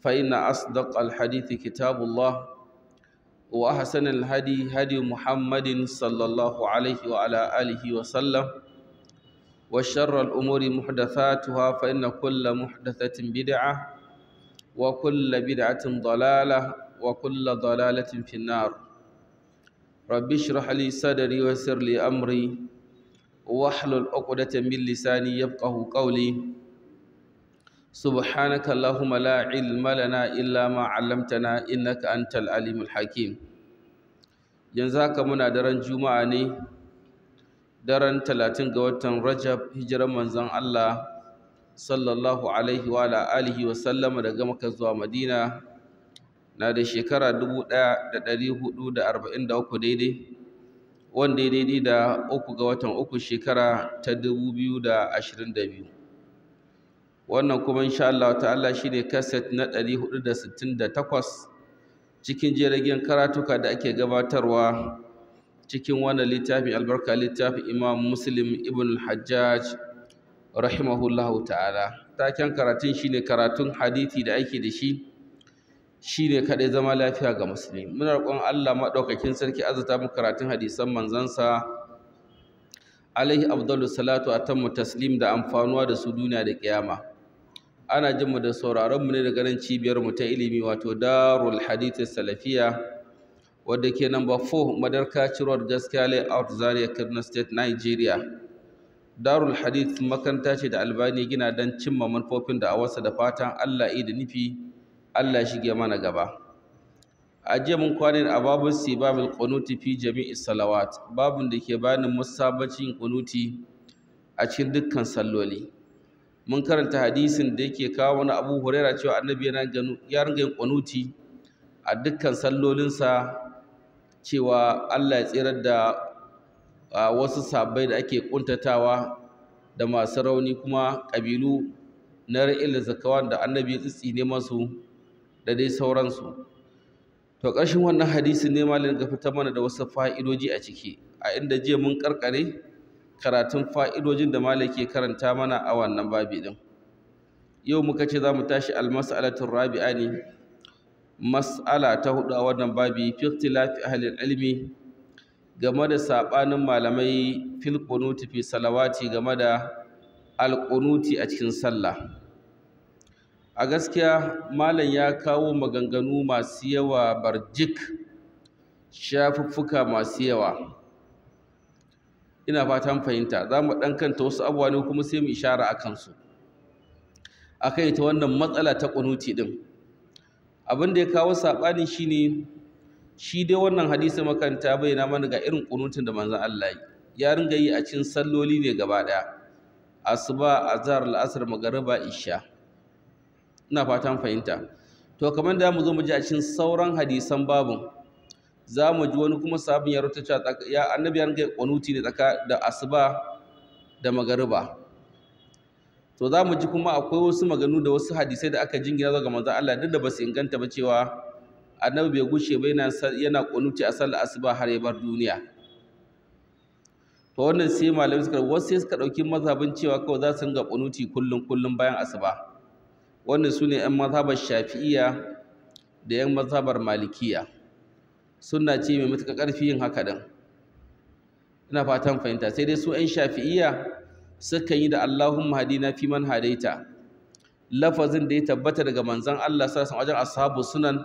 فإن أصدق الحديث كتاب الله وأحسن الهدي هدي محمد صلى الله عليه وعلى آله وسلم وشر الأمور محدثاتها فإن كل محدثة بدعة وكل بدعة ضلالة وكل ضلالة في النار رب اشرح لي صدري ويسر لي أمري واحلل عقدة من لساني يفقه قولي سبحانك اللهم لا علم لنا إلا ما علمتنا إنك أنت العليم الحكيم ينزاك منا درن جمعاني درن تلاتين قوتن رجب هجر منزان الله صلى الله عليه وعلى آله وسلم رقمك زوا مدينة na da shekara dubu ɗaya da ɗari hudu da arba'in da uku daidai wanda daidai da uku ga watan uku shekara ta dubu da ashirin da biyu wannan kuma insha Allah ta'ala shine kaset na 468 cikin jiragen karatuka da ake gabatarwa cikin wannan littafin albarka littafin Imam Muslim Ibn Hajjaj rahimahullahu ta'ala taken karatun shine karatun Hadithi da ake da shi shi ne kadai zama lafiya ga musulmi muna roƙon Allah maɗaukakin sarki azata mu karatun hadisan manzansa alaihi abdullu salatu a tamu taslim da amfanuwa da su duniya da kiyama ana jin mu da sauraron mu ne daga nan cibiyar mu ta ilimi wato Darul Hadith Salafiya wadda ke number 4 Madarka Road Gaskiya out Zaria Kaduna State Nigeria Darul Hadith makanta ce da Albani gina don cimma manufofin da awarsa da fatan Allah da nufi Allah shige mana gaba a mun kwanin a babun sibabul qunuti fi jami'i salawat babun da ke bani musabacin qunuti a cikin dukkan salloli mun karanta hadisin da yake kawo wani abu huraira cewa annabi ya ringa yin kwanuti a dukkan sallolinsa cewa allah ya tsirar da wasu sabbai da ake kuntatawa da masu rauni kuma kabilu na ra'il da zakawan da annabi ya tsitsi ne masu da dai sauransu to ƙarshen wannan hadisin ne malin ga fitar mana da wasu fa'idoji a ciki a inda jiya mun karkare karatun fa'idojin da Malik ke karanta mana a wannan babi ɗin yau muka ce za mu tashi alatun rabi'a ne mas'ala ta hudu a wannan babi fi ikhtilafi halin ilmi game da saɓanin malamai filkunuti fi salawati game da alkunuti a cikin sallah a gaskiya malam ya kawo maganganu masu yawa barjik shafuffuka masu yawa ina fatan fahimta za mu ɗan kanta wasu abubuwa ne kuma sai mu ishara a kansu a kan ita wannan matsala ta ƙunuti ɗin abin da ya kawo saɓani shi ne shi dai wannan hadisi makanta bayyana mana ga irin ƙunutin da manzan Allah ya ringa yi a cikin salloli ne gaba ɗaya asuba azhar al'asr magariba isha ina fatan fahimta to kamar da mu zo mu ji a cikin sauran hadisan babun za mu ji wani kuma sabon ya rota ya annabi ya rinka kwanuti ne tsaka da asuba da magariba to za mu ji kuma akwai wasu maganu da wasu hadisai da aka jingina ga manzon Allah duk da ba su inganta ba cewa annabi bai gushe ba yana yana kwanuti a sallar asuba har ya bar duniya to wannan sai malamai suka wasu sai suka dauki mazhabin cewa kawai za su ga kwanuti kullum kullum bayan asuba wannan su ne 'yan mazhabar shafi'iyya da 'yan mazhabar malikiya suna ce mai matuƙa ƙarfi yin haka ɗin ina fatan fahimta sai dai su 'yan shafi'iyya suka yi da allahumma hadina fi man hadaita lafazin da ya tabbata daga manzan Allah sallallahu wajen ashabu sunan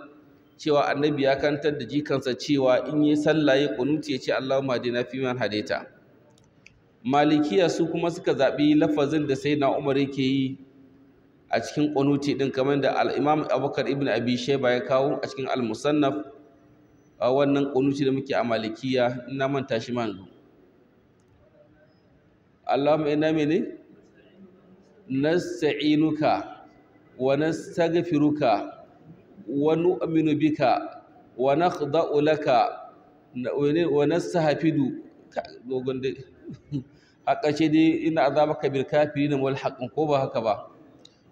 cewa annabi ya kantar da jikansa cewa in yi sallah ya kunuti ya ce allahumma hadina fi man hadaita malikiya su kuma suka zaɓi lafazin da sai na umar yake yi a cikin kunuti ɗin, kamar da al'imam abokan ibn abi sheba ya kawo a cikin al-musannaf a wannan ƙunushi da muke a malikiya na manta shi man zu ina inna mene nasta'inuka wa nastaghfiruka wa nu'minu bika wa nakhda'u wani wa nastahfidu dogon dai a ƙarshe dai ina azabaka bil na mawal haƙin ko ba haka ba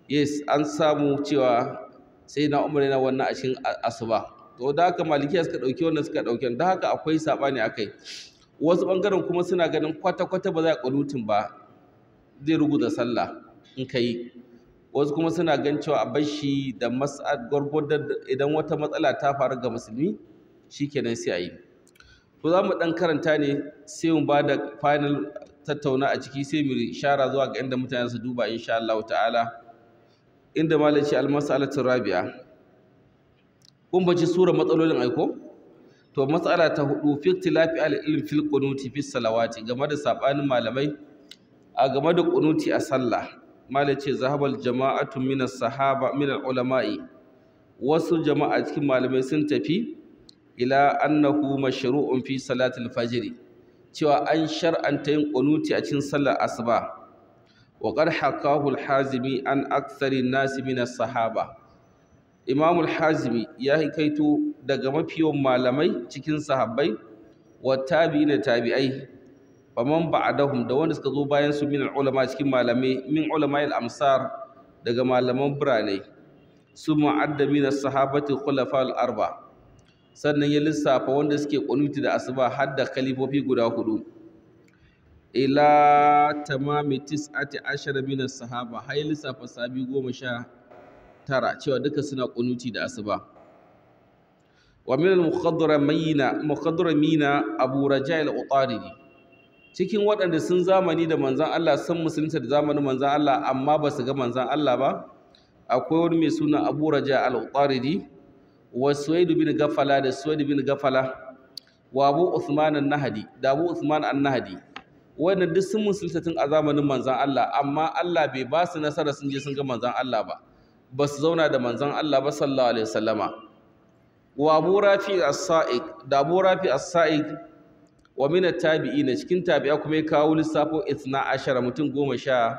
yes an samu cewa sai na umarina wannan a cikin asuba to da haka malikiya suka dauki wannan suka dauki da haka akwai sabani akai kai wasu ɓangaren kuma suna ganin kwata-kwata ba za a ƙunutun ba zai da sallah in ka yi wasu kuma suna gan cewa a bar shi da mas'ad gwargwadon idan wata matsala ta faru ga musulmi shikenan sai ayi, yi to za mu dan karanta ne sai mu ba da final tattauna a ciki sai mu shara zuwa ga inda mutane su duba insha Allah ta'ala inda malaci almasalatu rabi'a kun baci sura matsalolin aiko to matsala ta hudu fi tilafi al ilm fil qunuti fi salawati game da sabanin malamai a game da qunuti a sallah malai ce zahabal jama'atu min sahaba min al ulama'i wasu jama'a cikin malamai sun tafi ila annahu mashru'un fi salatil fajr cewa an shar'anta yin qunuti a cikin sallar asuba wa qad hakahu al hazimi an aktsari nasi min as sahaba imamul hazimi ya kaito daga mafiyon malamai cikin sahabbai wa tabi'ina tabi'ai man ba'dahum da wanda suka zo bayan su min ulama cikin malamai min ulama al-amsar daga malaman birane su mu'adda min as-sahabati khulafa al-arba sannan ya lissafa wanda suke kunuti da asuba har da khalifofi guda hudu ila tamami tis'ati ashara min sahaba har ya lissafa sabi goma sha tara cewa duka suna kunuti da asuba wa min al-mukhadramina mina Abu rajail al-Utaridi cikin waɗanda sun zamani da manzan Allah sun musulunta da zamanin manzan Allah amma ba su ga manzan Allah ba akwai wani mai suna Abu Raja' al-Utaridi wa Suwaid bin Gafala da Suwaid bin Gafala wa Abu Usman an-Nahdi da Abu usman an-Nahdi wannan duk sun musulunta tun a zamanin manzan Allah amma Allah bai ba su nasara sun je sun ga manzan Allah ba ba su zauna da manzan Allah ba sallallahu alaihi wasallama wa Abu Rafi as-Sa'iq da Abu Rafi as-Sa'iq wa min at-tabi'in cikin tabi'a kuma ya kawo lissafo 12 mutum 12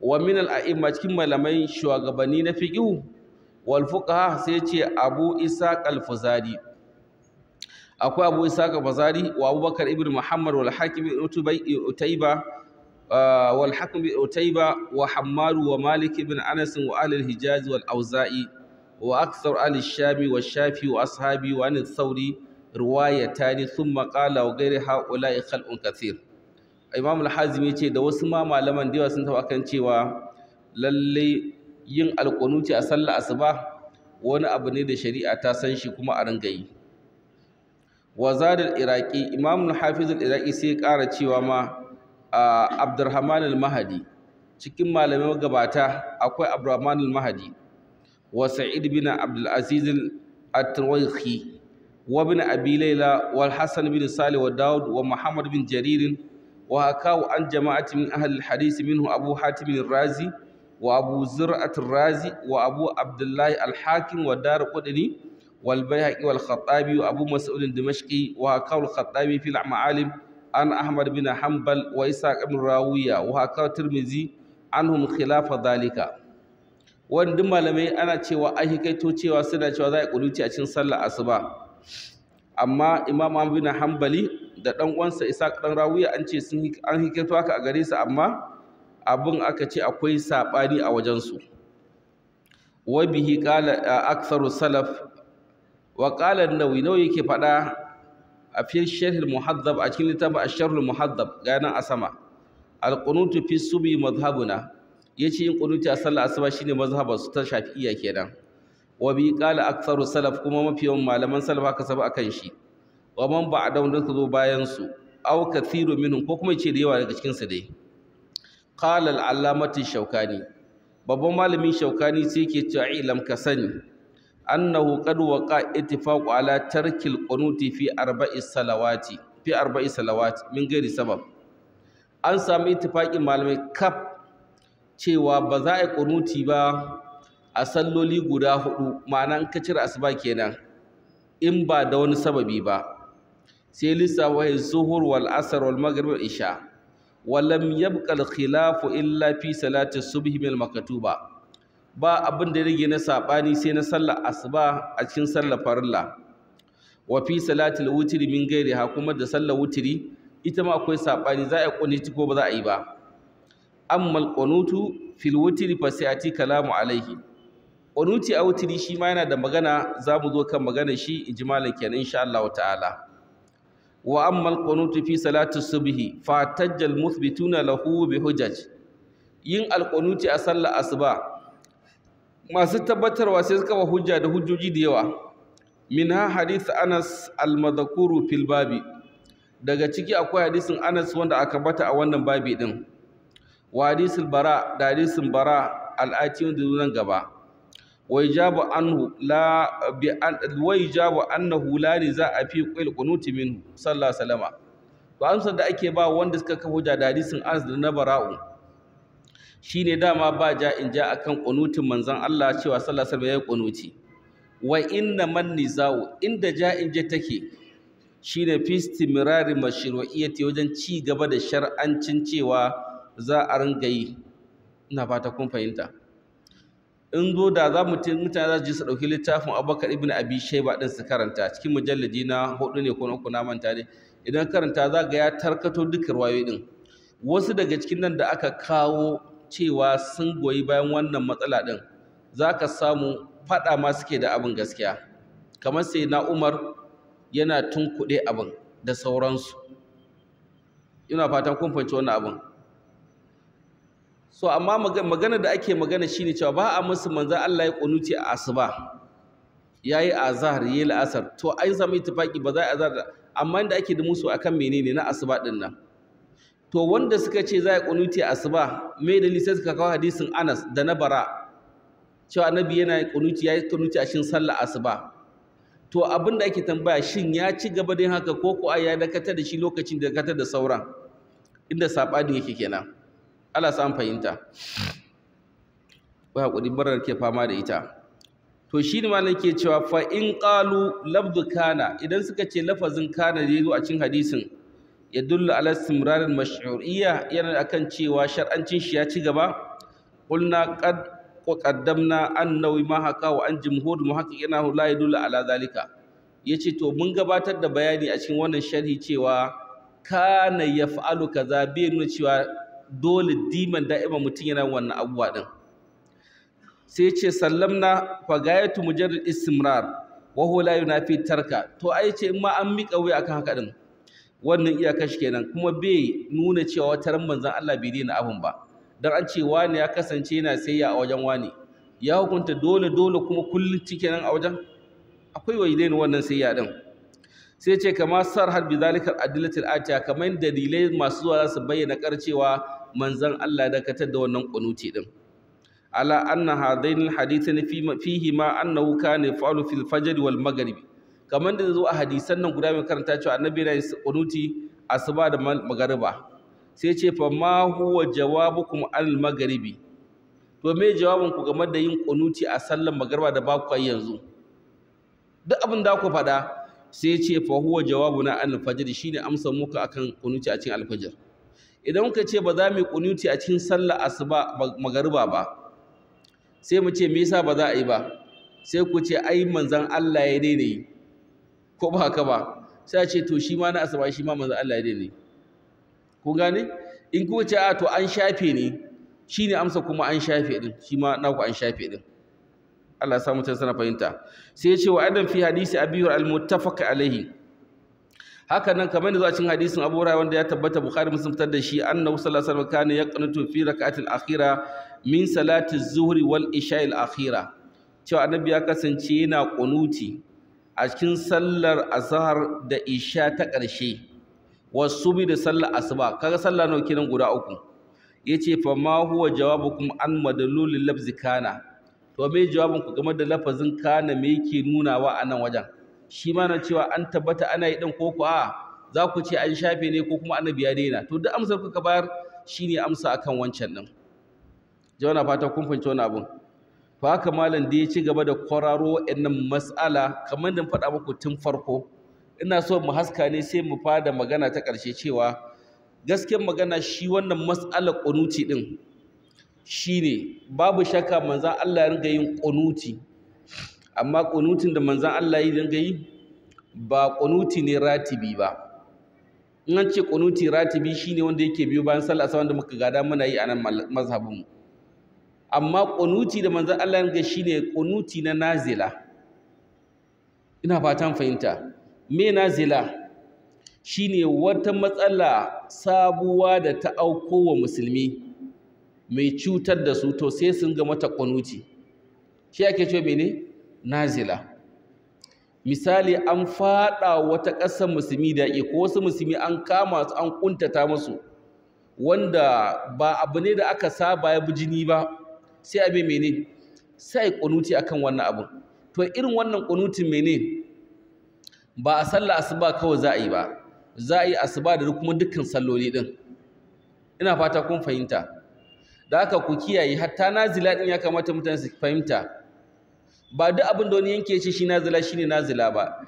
wa min al-a'imma cikin malamai shugabanni na fiqh wal fuqaha sai ce Abu Isa al-Fuzari akwai Abu Isa al-Fuzari wa Abubakar ibn Muhammad wal Hakim ibn Utayba والحكم بن أتيبة وحمار ومالك بن أنس وأهل الحجاز والأوزائي وأكثر أهل الشام والشافي وأصحابي وعن الثوري روايتان ثم قال وغير هؤلاء خلق كثير Imam Al-Hazim ce da wasu ma malaman da yawa sun taɓa kan cewa lallai yin alƙunuti a sallar asuba wani abu ne da shari'a ta san shi kuma a ringa yi Iraki imam hafiz al sai ƙara cewa ma Abdurrahman al-Mahdi cikin malamai gabata akwai Abdurrahman al-Mahdi wa Sa'id bin Abdul Aziz al wa bin Abi Layla wa bin sali wa Daud wa Muhammad bin Jarir wa akaw an jama'ati min ahli al-hadith minhu Abu Hatim razi wa Abu Zur'at al-Razi wa Abu Abdullah al wa Dar Qudni wal Bayhaqi wal wa Abu Mas'ud al wa akaw al-Khattabi fil a'malim an ahmad bin hanbal wa isa ibn rawiya wa haka tirmizi anhum khilafa zalika wanda malamai ana cewa an hikaito cewa suna cewa za a kuluci a cikin sallar asuba amma imam ahmad bin hanbali da dan uwansa isa dan rawuya an ce sun an hikaito haka a gare su amma abin aka ce akwai sabani a wajen su wa bihi qala aktharu salaf wa qala an-nawawi yake faɗa? a fi shehil muhaddab a cikin littafin asharul muhaddab ga nan a sama alƙunutu fi subi Ya ce yin qunuti a sallar asuba shine mazhabar su ta shafi shafi'iyya kenan wa bi qala aktharu salaf kuma mafi yawan malaman salaf haka sabu akan shi wa man ba'da wanda su zo bayan su aw kathiru minhum ko kuma ce da yawa daga cikin su dai qala al-allamati shaukani babban malamin shaukani sai yake cewa ilam ka sani annahu qad waqa ittifaqu ala tarkil qunuti fi arba'i salawati fi arba'i salawati min gairi sabab an samu ittifaqi malamai kaf cewa ba za a yi qunuti ba a salloli guda hudu ma'ana an ka cire asuba kenan in ba da wani sababi ba sai lissafa zuhur wal asr wal maghrib wal isha wa lam yabqa al khilafu illa fi salati subhi bil maktuba ba abin da rage na saɓani sai na sallar asuba a cikin sallar farilla wa fi salatul witri min gairiha kuma da sallar wutri ita ma akwai saɓani za a kunuti ko ba za a yi ba amma qunutu fil wutri fa sayati kalamu alaihi qunuti a wutri shi ma yana da magana za mu zo kan magana shi ijmalan kenan insha Allah ta'ala wa ammal qunutu fi salati subhi fa tajjal muthbituna lahu bi hujaj yin alqunuti a sallar asuba masu tabbatarwa sai suka ba hujja da hujjoji da yawa ha hadith anas al-madhkuru fil babi daga ciki akwai hadisin anas wanda aka bata a wannan babi din wa hadisul bara da hadisin bara al ati da nan gaba wa ijabu anhu la bi an wa ijabu annahu la a fi qul qunuti min sallallahu alaihi wasallam to amsar da ake ba wanda suka kafa hujja da hadisin anas da na bara'u Shi shine dama ba ja in ja akan kunutin manzan, Allah cewa sallallahu alaihi wasallam ƙunuti wa inna man nizau inda ja in ja take shine fi istimrari mashru'iyyati wajen ci gaba da shar'ancin cewa za a ringa yi ina fata kun fahimta in zo da za mutane za su ji su ɗauki littafin abubakar ibn abi shaiba ɗin su karanta cikin mujalladi na hudu ne ko na uku manta ne idan karanta za ga ya tarkato duka ruwayoyi ɗin wasu daga cikin nan da aka kawo cewa sun goyi bayan wannan matsala ɗin za ka samu faɗa ma suke da abin gaskiya kamar sai na umar yana kuɗe abin da sauransu ina fatan kun fahimci wannan abin so amma magana da ake magana shine cewa ba a musu manza Allah ya kunuti a asuba Ya yi yayi zahar yi la'asar. to ai zama ittifaki ba za a zahar amma inda ake da musu akan menene na asuba din nan to wanda suka ce za a kunuti asuba me da sai suka kawo hadisin Anas da na Bara cewa annabi yana kunuti yi kunuti a shin sallar asuba to abin da ake tambaya shin ya ci gaba da haka ko ko ya dakatar da shi lokacin da dakatar da sauran inda sabani yake kenan Allah sa an fahimta ba hakuri barar ke fama da ita to shi ne malam ke cewa fa in labdu kana idan suka ce lafazin kana da zo a cikin hadisin ya dulla ala istimrarin mash'uriyya yana akan cewa shar'ancin shi ya ci gaba ƙulna qad qaddamna annawi ma haka wa an jumhur muhaqqiqina la yadullu ala zalika yace to mun gabatar da bayani a cikin wannan sharhi cewa kana yaf'alu kaza bai nuna cewa dole diman da'ima mutum yana wannan abubuwa din sai ce sallamna fa gayatu mujarrad istimrar wa huwa la yunafi tarka to ai ce in ma an mika wuya akan haka din wannan iyakar shi kenan kuma bai nuna cewa wata ran manzon Allah bai daina abin ba dan an ce wani ya kasance yana sayya a wajen wani ya hukunta dole dole kuma kullum cike nan a wajen akwai wai daina wannan sayya din sai ce kama sar har bizalikal adillatil atiya kamar dalilai masu zuwa za su bayyana karcewa manzan Allah ya dakatar da wannan kunuti din ala anna hadain hadithani fihi ma annahu kana yafalu fil fajr wal maghrib kamar da zo a hadisan nan guda mai karanta cewa annabi yana kunuti asuba da magariba sai ce fa ma huwa jawabukum al magaribi, to me jawabin ku game da yin kunuti a sallar magariba da ba ku yanzu duk abin da ku faɗa sai ce fa huwa jawabuna al fajr shine amsar muka akan kunuti a cikin al fajr idan muka ce ba za mu yi kunuti a cikin sallar asuba magariba ba sai mu ce me yasa ba za a yi ba sai ku ce ai manzon Allah ya daina yi ko ba haka ba sai a ce to shi ma na asaba shi ma manzo Allah dai ne kun gane in kuma ce a to an shafe ne shine amsa kuma an shafe din shi ma na ku an shafe din Allah ya sa mutane sana fahimta sai ya ce wa adam fi hadisi abiyur al-muttafaq alaihi haka nan kamar da zuwa cikin hadisin Abu Hurairah wanda ya tabbata Bukhari Muslim fitar da shi annahu sallallahu alaihi wasallam kana yaqnutu fi rak'atil akhira min salati az-zuhri wal isha'i al-akhira cewa annabi ya kasance yana kunuti a cikin sallar azhar da isha ta ƙarshe wasu bi da sallar asuba kaga sallar nawa kenan guda uku yace fa ma huwa jawabukum an madalulil lafzi kana to me jawabin ku game da lafazin kana me yake nunawa a nan wajen shi ma cewa an tabbata ana yi din ko a za ku ce an shafe ne ko kuma annabi ya daina to duk amsar kuka bayar shine amsa akan wancan din jawana fata kun fahimci wani abun fa haka malam da ya ci gaba da kwararo wa'annan mas'ala kamar da faɗa muku tun farko ina so mu haska ne sai mu fada magana ta ƙarshe cewa gaskiyar magana shi wannan mas'alar ƙunuti ɗin shine babu shakka manzan Allah ya ringa yin ƙunuti amma ƙunutin da manzan Allah ya ringa yi ba ƙunuti ne ratibi ba in an ce ƙunuti ratibi shi shine wanda yake biyo bayan sallah wanda muka gada muna yi a nan mazhabin mu. amma ƙunuti da manzan Allah shi ne ƙunuti na nazila ina fatan fahimta me nazila shi ne wata matsala sabuwa da ta auko wa musulmi mai cutar da su to sai sun ga mata ƙunuti shi ake cewa mene nazila misali an fada wata ƙasar musulmi da ko wasu musulmi an kama su an ƙuntata musu wanda ba abu ne da aka saba ya bi jini ba sai abin mene sai a yi wannan abun to irin wannan kunutin mene ba a sallah asuba kawai za a yi ba za a yi asuba da kuma dukkan salloli ɗin ina fata kun fahimta da haka ku kiyaye hatta nazila ɗin ya kamata mutane su fahimta ba duk abin da wani yanke shi shi nazila shine nazila ba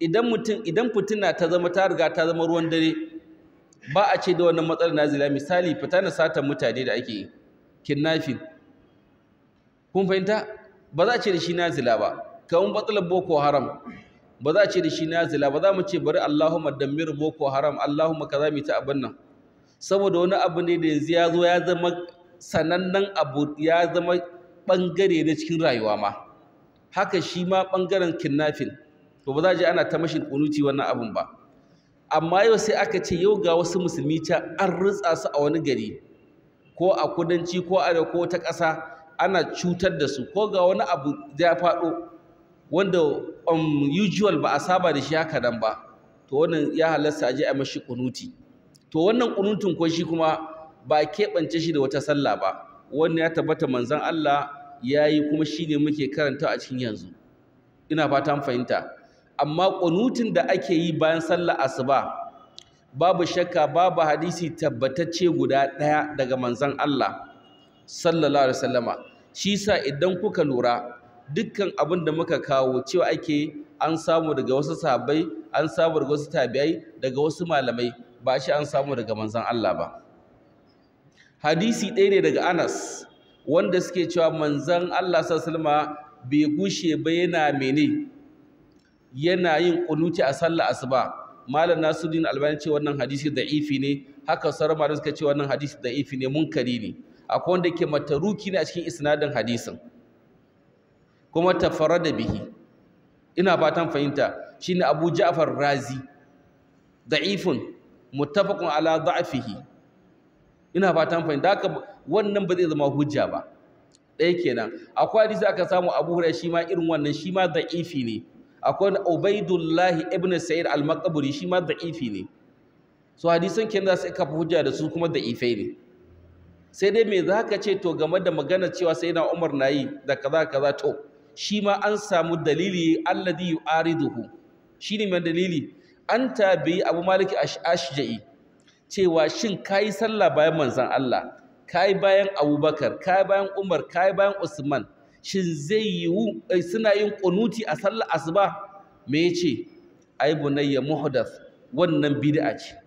idan mutum idan fitina ta zama ta riga ta zama ruwan dare ba a ce da wannan matsalar nazila misali fita na satan mutane da ake yi kun fahimta ba za a ce da shi nazila ba kawun batsalar boko haram ba za a ce da shi nazila ba za mu ce bari Allahumma dammir boko haram Allahumma kaza mu ta abin nan saboda wani abu ne da yanzu ya zo ya zama sanannen abu ya zama bangare na cikin rayuwa ma haka shi ma bangaren kidnapping to ba za a je ana ta mashin kunuti wannan abin ba amma yau sai aka ce yau ga wasu musulmi ta an rutsa su a wani gari ko a kudanci ko a ko ta ƙasa ana cutar da su ko ga wani abu da ya faɗo wanda unusual um, ba a saba da shi haka nan ba to wannan ya halasta a je a mashi kunuti to wannan kunutun ko shi kuma ba a keɓance shi da wata sallah ba wannan ya tabbata manzan Allah ya yi kuma shi ne muke karanta a cikin yanzu ina fata an fahimta amma kunutun da ake yi bayan sallah asuba babu shakka babu hadisi tabbatacce guda ɗaya daga manzon Allah sallallahu alaihi wasallama shi sa idan kuka lura dukkan abin da muka kawo cewa ake an samu daga wasu sahabbai an samu daga wasu tabi'ai daga wasu malamai ba shi an samu daga manzon Allah ba hadisi ɗaya ne daga Anas wanda suke cewa manzan Allah sallallahu bai gushe ba yana mene yana yin kunuti a Sallah asuba malam nasuddin albani ce wannan hadisi da'ifi ne haka sauran malamai suka ce wannan hadisi da'ifi ne munkari ne akwai wanda ke mataruki ne a cikin isnadin hadisin kuma tafarrada bihi ina fatan fahimta shine Abu Ja'far Razi da'ifun muttafaqun ala da'fihi ina fatan fahimta haka wannan ba zai zama hujja ba ɗaya kenan akwai hadisi aka samu Abu Hurairah shi ma irin wannan shi ma da'ifi ne akwai Ubaidullah ibn Sa'id al-Maqburi shi ma da'ifi ne so hadisan kenan za su ka hujja da su kuma da'ifai ne sai dai me za ka ce to game da magana cewa sai na umar na yi da kaza kaza to shi ma an samu dalili alladhi yu'ariduhu shi ne mai dalili an tabi abu maliki ashja'i cewa shin kayi sallah bayan manzon Allah yi bayan abubakar yi bayan umar yi bayan usman shin zai yiwu eh, suna yin kunuti a sallar asuba me yace ai bunayya muhdath wannan bid'a ce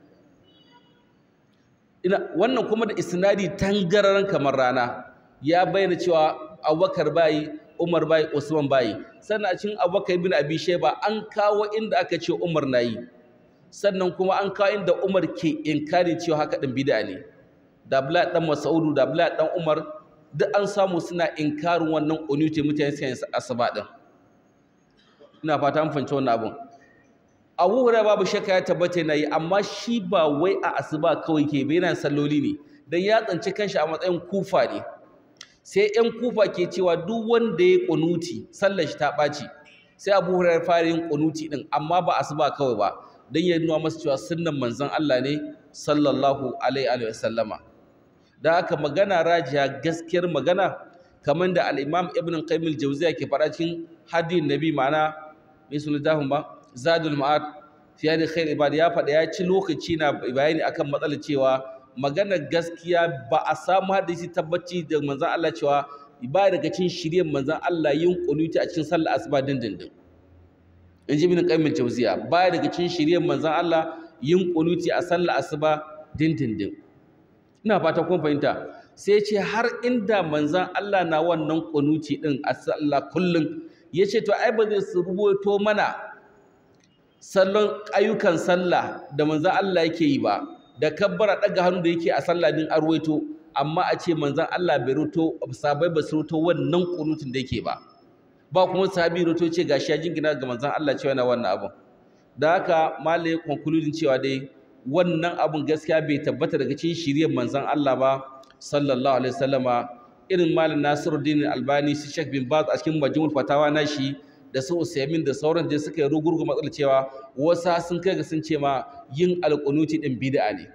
wannan kuma da isnadi tangararan kamar rana ya bayyana cewa abubakar bayi umar bayi usman bayi sannan a cikin abubakar bin abi shaiba an kawo inda aka ce umar na yi. sannan kuma an kawo inda umar ke inkari cewa haka din bid'a ne da abdullahi dan masaudu da abdullahi dan umar duk an samu suna inkarin wannan unuti mutane sai asaba din ina fata an fahimci wannan abun abu hura babu shakka ya tabbata yana yi amma shi ba wai a asuba kawai ke bai yana salloli ne dan ya tsanci kanshi a matsayin kufa ne sai yan kufa ke cewa duk wanda ya kunuti sallar shi ta ɓaci sai abu hura fara yin kunuti din amma ba asuba kawai ba dan ya nuna masa cewa sunnan manzon Allah ne sallallahu alaihi wa sallama da haka magana rajiya gaskiyar magana kamar da al-Imam Ibn Qayyim al ke fara cikin hadin Nabi ma'ana mai sunan ba zadul ma'ad fiyadi khair ibad ya faɗa ya ci lokaci na bayani akan matsalar cewa maganar gaskiya ba a samu hadisi tabbaci da manzon Allah cewa ba daga cikin shirye manzon Allah yin kunuti a cikin sallar asuba dindindin in ji min kaimin tawziya ba daga cikin shirye manzon Allah yin kunuti a sallar asuba dindindin ina fata kun fahimta sai ce har inda manzon Allah na wannan kunuti din a sallah kullun yace to ai ba zai rubuto mana sallon ayyukan sallah da manzon Allah yake yi ba da kabbara ɗaga hannu da yake a sallah din arwaito amma a ce manzon Allah bai ruto sabai ba su ruto wannan kunutun da yake ba ba kuma sahabi ruto ce gashi ya jingina ga manzon Allah cewa na wannan abun da haka malai concluding cewa dai wannan abun gaskiya bai tabbata daga cikin shiriyar manzon Allah ba sallallahu alaihi wasallama irin malam Nasiruddin Albani su Sheikh bin Baz a cikin majmu'ul fatawa nashi da su usaimin da sauran je suka yi rugurgu matsala cewa wasa sun kai ga sun ce ma yin alƙunuti ɗin bid'a ne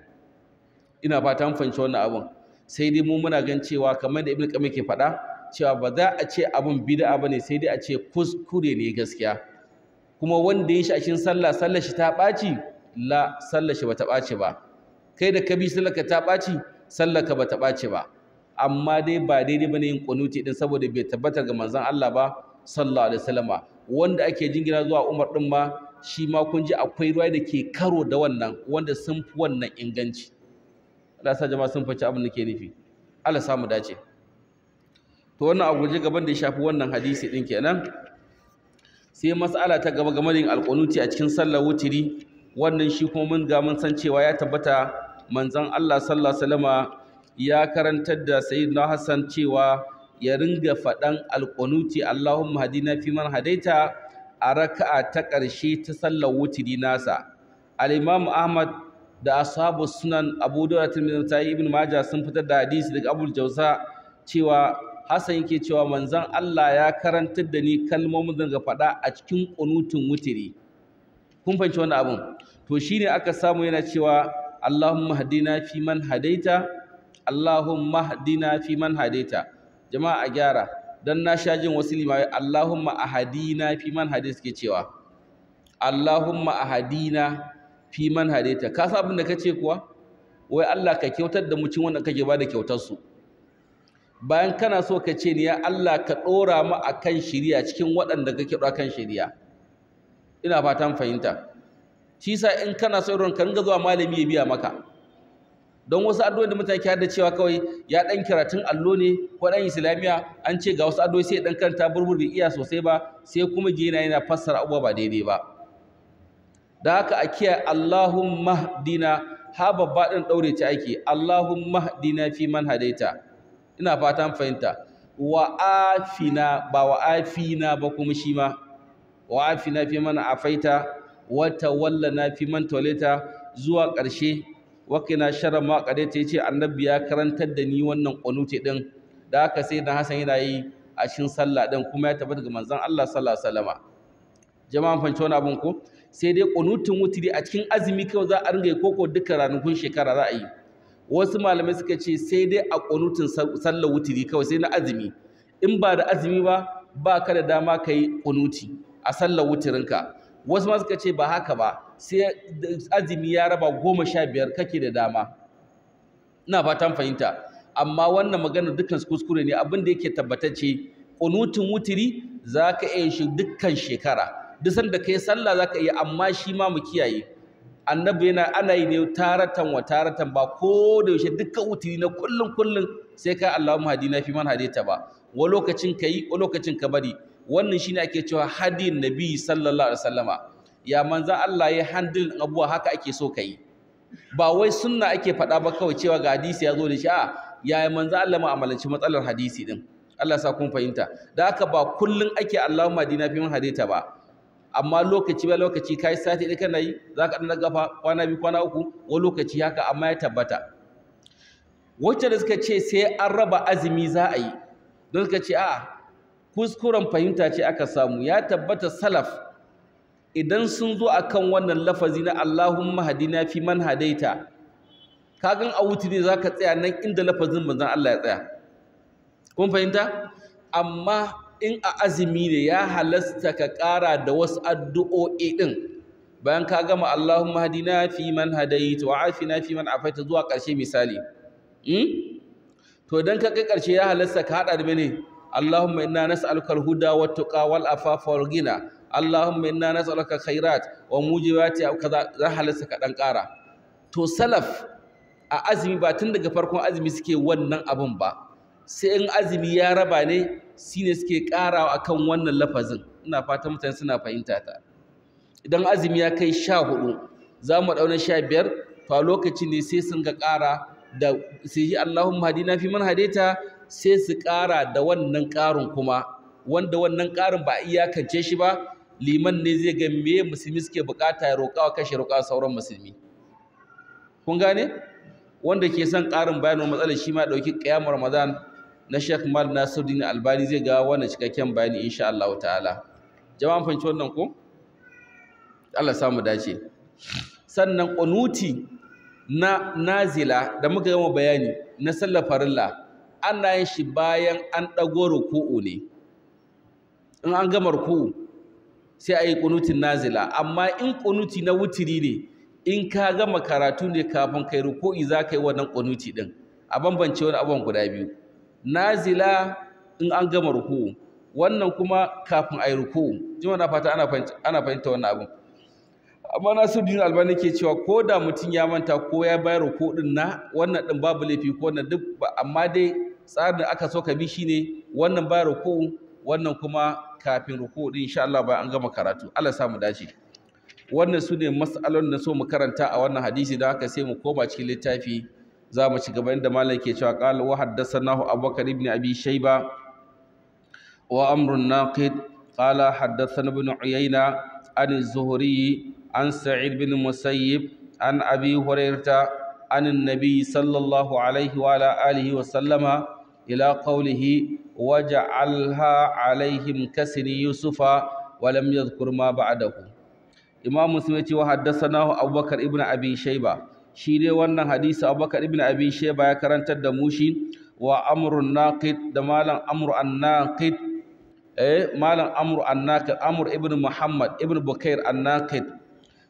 ina ba ta fahimci wannan abun sai dai mu muna gan cewa kamar da ibn qayyim ke faɗa cewa ba za a ce abun bid'a ne sai dai a ce kuskure ne gaskiya kuma wanda ya shi a sallah sallar shi ta ɓaci la sallar shi bata ɓaci ba kai da kabi sallar ka ta ɓaci sallar ka bata ɓaci ba amma dai ba daidai bane yin kunuti din saboda bai tabbatar ga manzon Allah ba sallallahu alaihi wasallama wanda ake jingina zuwa Umar din ma shi ma kun ji akwai ruwa da ke karo da wannan wanda sun fi wannan inganci Allah sa jama'a sun faci abin da ke nufi Allah samu dace to wannan a guje gaban da ya shafi wannan hadisi din kenan sai mas'ala ta gaba game da alƙunuti a cikin sallar wutiri wannan shi kuma mun ga mun san cewa ya tabbata manzon Allah sallallahu alaihi wasallama ya karantar da sayyidina Hassan cewa ya ringa faɗan alƙunuti Allahumma hadina fi man hadaita a raka'a ta ƙarshe ta sallar wutiri nasa al-Imam Ahmad da ashabu sunan Abu Dawud Tirmidhi Sa'i Ibn Majah sun fitar da hadisi daga Abu jawza cewa Hassan yake cewa manzon Allah ya karantar da ni kalmomin da faɗa a cikin ƙunutun wutiri kun fahimci wannan abun to shine aka samu yana cewa Allahumma hadina fi man hadaita Allahumma hadina fi man hadaita jama'a a gyara dan na sha jin wasu limamai Allahumma ahadina fi man hadis ke cewa Allahumma ahadina fi man hadaita ka san abin da kace kuwa wai Allah ka kyautar da mu wanda kake bada kyautar su bayan kana so ka ce ni ya Allah ka dora mu akan shari'a cikin waɗanda kake dora kan shari'a ina fatan fahimta shi sa in kana so irin ka ringa zuwa malami ya biya maka don wasu addu'o'i da mutane ke da cewa kawai ya dan karatun allo ne ko dan islamiya an ce ga wasu addu'o'i sai dan karanta burburi iya sosai ba sai kuma gina yana fassara abubuwa ba daidai ba da haka a kiya Allahumma dina" ha babba din daure ta ake Allahumma dina fi man hadaita ina fatan fahimta wa afina ba wa afina ba kuma shi ma wa afina fi man afaita wa tawallana fi man tawallata zuwa ƙarshe wakina sharar ma ta ya ce annabi ya karantar da ni wannan ƙwanuce din da aka sai na hasan yana yi a cikin sallah ɗin kuma ya tabbata ga manzon Allah sallallahu alaihi wasallama jama'an fanci wani abin ko sai dai ƙunutun wuturi a cikin azumi kawai za a ringa yi koko duka ranakun shekara za a yi wasu malamai suka ce sai dai a ƙunutun sallar wutiri kawai sai na azumi in ba da azumi ba ba ka da dama ka yi a sallar wutirinka wasu ma suka ce ba haka ba sai azumi ya raba goma sha biyar kake da dama ina fatan fahimta amma wannan maganar dukkan kuskure ne abin da yake ce, kunutin wutiri za ka iya shi dukkan shekara duk sanda kai sallah za ka iya amma shi ma mu kiyaye annabi yana ana yi ne taratan wa taratan ba ko da yaushe dukkan wutiri na kullum kullum sai ka allahu mahadi hadina fi man ta ba wa lokacin ka yi, wa lokacin ka bari wannan shine ake cewa hadin nabi sallallahu alaihi wasallama ya manzan Allah ya handil abuwa haka ake so ka yi ba wai sunna ake faɗa ba kawai cewa ga hadisi ya zo da shi a yaya manzan Allah mu'amalanci matsalar hadisi din Allah sa kun fahimta da haka ba kullum ake Allahumma dina fi mun hadita ba amma lokaci ba lokaci ka yi sati ɗin kana yi ka ɗan gafa kwana biyu kwana uku wani lokaci haka amma ya tabbata wacce da suka ce sai an raba azumi za a yi don suka ce a kuskuren fahimta ce aka samu ya tabbata salaf idan sun zo a kan wannan lafazi na Allahumma hadina fi man hadaita kagan a ne za ka tsaya nan inda lafazin manzon Allah ya tsaya kun fahimta amma in a azumi ne ya halasta ka ƙara da wasu addu'o'i din bayan ka gama Allahumma hadina fi man hadaita wa afina fi man afaita zuwa ƙarshe misali hmm? to don ka kai ƙarshe ya halasta ka haɗa da mene Allahumma inna nas'aluka al-huda wat-tuqa wal-afafa wal-ghina Allahumma inna nas'aluka khairat wa mujibati kaza za halarsa ka dan ƙara to salaf a azumi ba tun daga farkon azumi suke wannan abun ba sai in azumi ya raba ne shine suke ƙarawa akan wannan lafazin ina fatan mutane suna fahimta ta idan azumi ya kai sha hudu za mu ɗauna sha biyar to a lokaci ne sai sun ga ƙara da sai yi Allahumma hadina fi man hadaita sai su ƙara da wannan ƙarin kuma wanda wannan ƙarin ba a iyakance shi ba liman ne zai ga me musulmi suke bukata ya roƙa wa kashe roƙa sauran musulmi kun gane wanda ke son ƙarin bayanin matsalar shi ma ɗauki ƙiyamar ramadan na Sheikh Mal Nasiruddin Albani zai ga wanda cikakken bayani insha Allah ta'ala jama'an fanci wannan ko Allah samu dace sannan ƙunuti na nazila da muka gama bayani na sallar farilla ana yin shi bayan an ɗago ruku'u ne in an gama ruku'u sai a yi kunutin nazila amma in kunuti na wutiri ne in ka gama karatu ne kafin kai ruku'i za ka yi wannan kunuti din a bambance wani abun guda biyu nazila in an gama ruku'u wannan kuma kafin a yi ruku'u jima na fata ana fahimta wannan abin amma nasiruddin albani ke cewa ko da mutum ya manta ko ya bayar ruku'u din na wannan din babu laifi ko wannan duk amma dai tsarin da aka so ka bi shine wannan bayar ruku'u wannan kuma kafin ruku din insha Allah bayan an gama karatu Allah sa dace wannan su ne mas'alolin da so mu karanta a wannan hadisi da haka sai mu koma cikin littafi za mu ci gaba inda malam ke cewa qala wa haddathanahu abubakar ibn abi shayba wa amrun naqid qala haddathana ibn uyayna an az-zuhri an sa'id bin musayyib an abi hurairah an an-nabi sallallahu alaihi wa ala alihi wa sallama إلى قوله وجعلها عليهم كسن يوسف ولم يذكر ما بعده إمام مسلم وحدثناه أبو بكر ابن أبي شيبة شيني وانا حديث أبو بكر ابن أبي شيبة يكرن تدموشي وأمر الناقد دمالا أمر الناقد eh malam amru annakid amr ibn muhammad ibn bukair annakid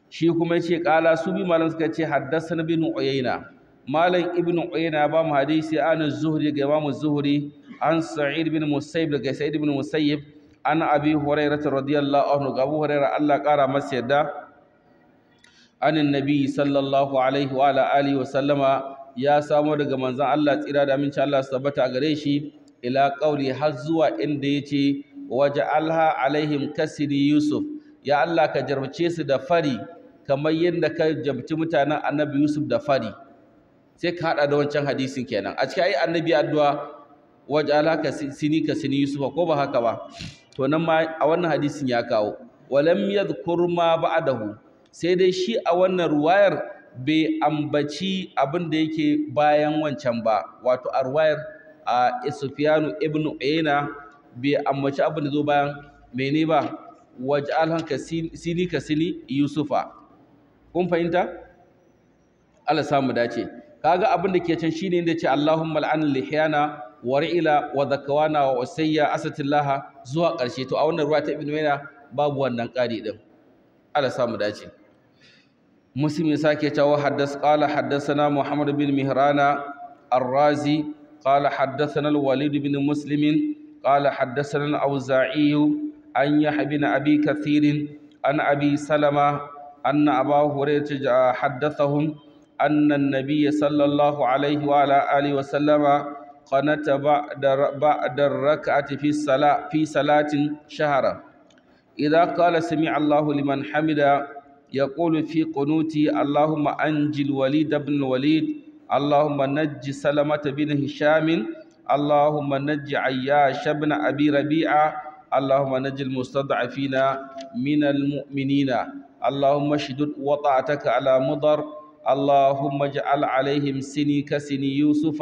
shi kuma yace kala su bi malam suka ce haddasa bin uyayna malam ibn uyayna ba mu hadisi an az-zuhri ga imam az-zuhri an sa'id bin musayyib ga sa'id bin musayyib an abi hurairah radiyallahu anhu ga abu hurairah Allah kara masa yadda an annabi sallallahu alaihi wa ala wa sallama ya samo daga manzon Allah tsira da aminci Allah su tabbata gare shi ila qauli har zuwa inda yace Alha alaihim kasri yusuf ya Allah ka jarmace su da fari kamar yadda ka jabci mutanen annabi yusuf da fari sai ka hada da wancan hadisin kenan a cikin ayi annabi addu'a waj'alaka sini ka sini yusufa ko ba haka ba to nan ma a wannan hadisin ya kawo walam yadhkur ma ba'dahu sai dai shi a wannan ruwayar bai ambaci abin da yake bayan wancan ba wato a ruwayar a isufiyanu ibn Uyayna bai ambaci abin da zo bayan mene ba waj'al hanka sini ka sini yusufa kun fahimta Allah samu dace Ka ga abin da ke can shine inda ce Allahumma al'an lihiyana wa ra'ila wa zakawana wa usayya asatillaha zuwa ƙarshe to a wannan ruwa ta ibnu babu wannan ƙari din Allah samu dace muslim ya sake cewa haddas qala haddathana muhammad bin mihrana ar-razi qala haddathana al-walid bin muslim qala haddathana al-auza'i an yahya bin abi kathir an abi salama anna abahu hurairah haddathahum أن النبي صلى الله عليه وعلى آله وسلم قنت بعد بعد الركعة في الصلاة في صلاة شهرا إذا قال سمع الله لمن حمد يقول في قنوتي اللهم أنج الوليد بن الوليد اللهم نج سلمة بن هشام اللهم نج عياش بن أبي ربيعة اللهم نج المستضعفين من المؤمنين اللهم اشدد وطأتك على مضر اللهم اجعل عليهم سني كسني يوسف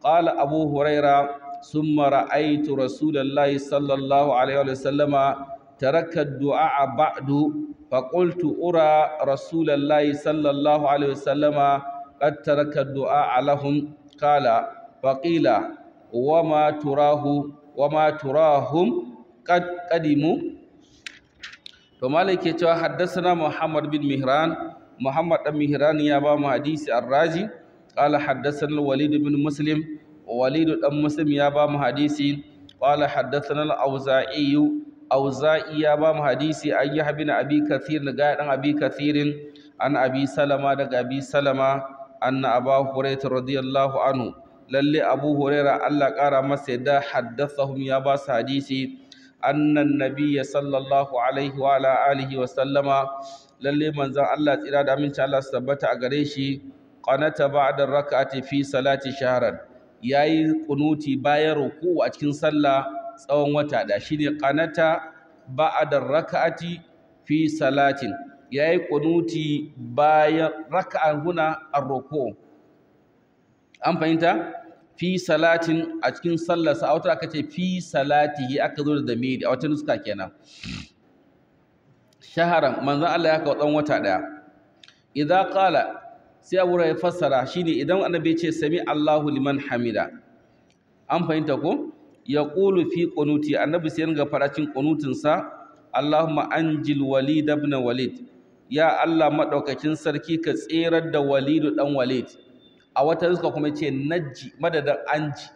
قال أبو هريرة ثم رأيت رسول الله صلى الله عليه وسلم ترك الدعاء بعد فقلت أرى رسول الله صلى الله عليه وسلم قد ترك الدعاء لهم قال فقيل وما تراه وما تراهم قد قدموا فمالك حدثنا محمد بن مهران Muhammad ɗan Mihran ya bamu hadisi Ar-Razi qala haddathana Walid bin Muslim Walid ɗan Muslim ya ba mu hadisi qala haddathana Al-Auza'i Auza'i ya ba mu hadisi Ayyah bin Abi Kathir daga ɗan Abi Kathirin an Abi Salama daga Abi Salama anna Abu radiyallahu anhu lalle Abu Hurairah Allah ƙara masa yadda haddathahum ya ba su hadisi annan nabiyya sallallahu alaihi wa sallama lalle manzon Allah tsira da aminci Allah su tabbata a gare shi qanata ba'da rak'ati fi salati shahran yayi kunuti bayan ruku a cikin sallah tsawon wata da shine qanata ba'da rak'ati fi salatin yayi kunuti bayan a huna ar-ruku an fahimta fi salatin a cikin sallarsa a wata aka ce fi salatihi aka zo da damiri a wata nuska kenan shaharan manzon Allah ya kawo dan wata ɗaya? idza qala sai Abu ya fassara shine idan annabi ce sami Allahu liman hamida an fahimta ko yaqulu fi qunuti annabi sai ga faracin qunutin sa Allahumma anjil walid ibn walid ya Allah madaukakin sarki ka tserar da walidu dan walid a wata suka kuma ce najji madadin anji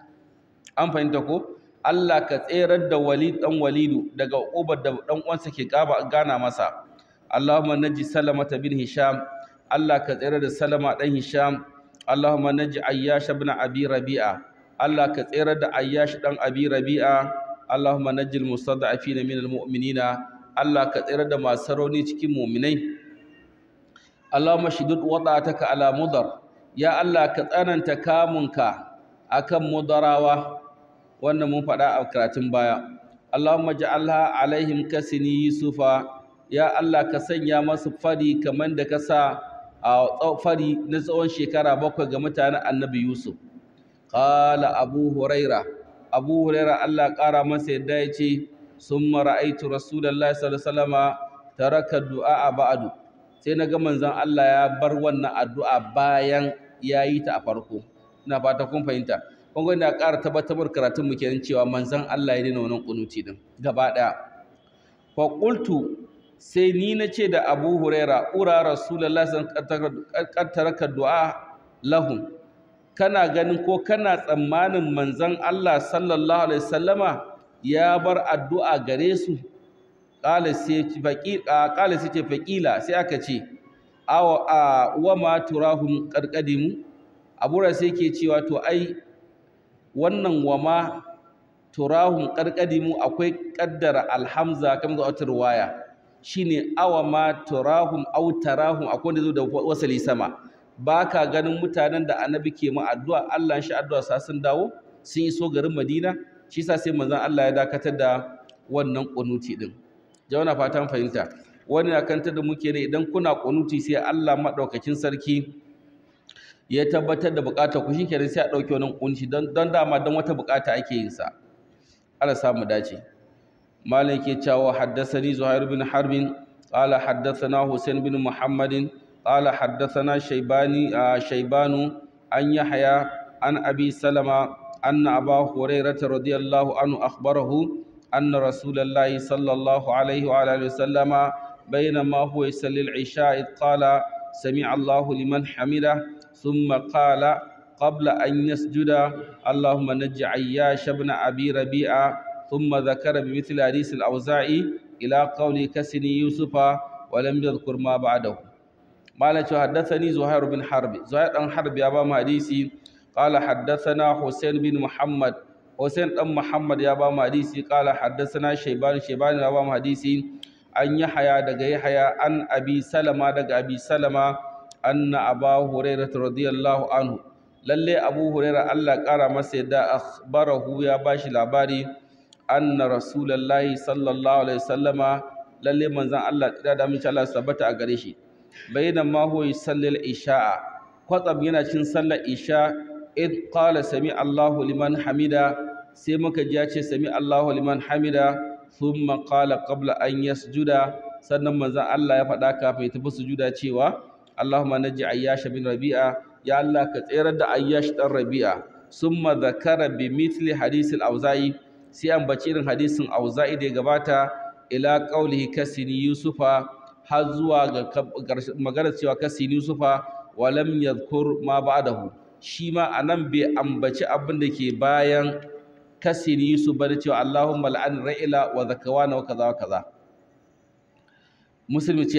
an fahimta ko Allah ka tserar da Walid dan Walidu daga ubar da dan uwansa ke gaba gana masa Allahumma naji ta bin Hisham Allah ka tserar da Salama dan Hisham Allahumma naji Ayyash ibn Abi Rabi'a Allah ka tserar da Ayyash dan Abi Rabi'a Allahumma naji al-mustada'afina min al-mu'minina Allah ka tserar da masu rauni cikin mu'minai Allahumma shidud wada'ataka ala mudar ya Allah ka tsananta kamunka akan mudarawa wannan mun faɗa a karatun baya Allahumma ja'alha alaihim kasini yusufa ya Allah ka sanya masu fari kamar da ka sa a fari na tsawon shekara bakwai ga mutanen annabi yusuf qala abu huraira abu huraira Allah ƙara masa yadda ya ce sun mara rasulullahi rasulallah alaihi wasallama taraka du'a ba'adu. sai na gama manzon Allah ya bar wannan addu'a bayan ya yi ta a farko ina fata kun fahimta kun da ƙara tabbatar karatun muke nan cewa manzon Allah ya dina wannan kunuti din gaba daya fa sai ni na ce da Abu Huraira ura Rasulullah san qattaraka du'a lahum kana ganin ko kana tsammanin manzon Allah sallallahu alaihi wasallama ya bar addu'a gare su qala sai qala sai faqila sai aka ce awa wa ma turahum qarqadimu Abu sai ke cewa to ai wannan wa ma turahun mu akwai ƙaddara alhamza kamar da wata ruwaya ne awa ma turahum au tarahum akwai wanda zo da wasali sama ka ganin mutanen da annabi ke ma addu'a Allah shi addu'a sa sun dawo sun iso garin Madina shi yasa sai manzon Allah ya dakatar da wannan kunuti din jawana fatan fahimta wani kantar da muke ne idan kuna kunuti sai Allah madaukakin sarki ya tabbatar da buƙatar ku shikenan sai a ɗauke wani kunshi don don dama don wata buƙata ake yin sa Allah samu dace malam ke cewa haddathani Zuhair bin Harbin qala haddathana husain bin Muhammadin qala haddathana Shaybani Shaybanu an Yahya an Abi Salama anna Abu Hurairah radiyallahu anhu akhbarahu anna Rasulullahi sallallahu alaihi wa alihi wasallama بينما هو يصلي isha إذ قال سمع الله لمن حمده ثم قال قبل أن يسجد اللهم نج عياش بن أبي ربيعة ثم ذكر بمثل حديث الأوزاعي إلى قول كسني يوسف ولم يذكر ما بعده قال حدثني زهير بن حرب زهير بن حرب يا بام حديثي قال حدثنا حسين بن محمد حسين بن محمد يا بام حديثي قال حدثنا شيبان شيبان يا بام حديثي أن يحيى دقى يحيى أن أبي سلمة دقى أبي سلمة anna aba hurairah radiyallahu anhu lalle abu huraira Allah ƙara masa yadda akhbarahu ya bashi labari anna rasulullahi sallallahu alaihi sallama. lalle manzon Allah da da mun Allah sabata a gare shi bayyana ma huwa sallar isha'a kwatsam yana cin sallar isha id qala sami Allahu liman hamida sai muka ji ya ce sami Allahu liman hamida thumma qala qabla an yasjuda sannan manzon Allah ya faɗa kafin ya tafi sujuda cewa Allahumma naji ayyash bin rabi'a ya Allah ka tserar da ayyash dan rabi'a summa zakara bi mithli hadisil auza'i sai ambaci irin hadisin auza'i da ya gabata ila qaulihi kasini yusufa har zuwa ga maganar cewa kasini yusufa wa lam yadhkur ma ba'dahu shi ma anan bai ambaci abin da ke bayan kasini yusuf ba da cewa Allahumma la'an ra'ila wa zakawana wa kaza wa kaza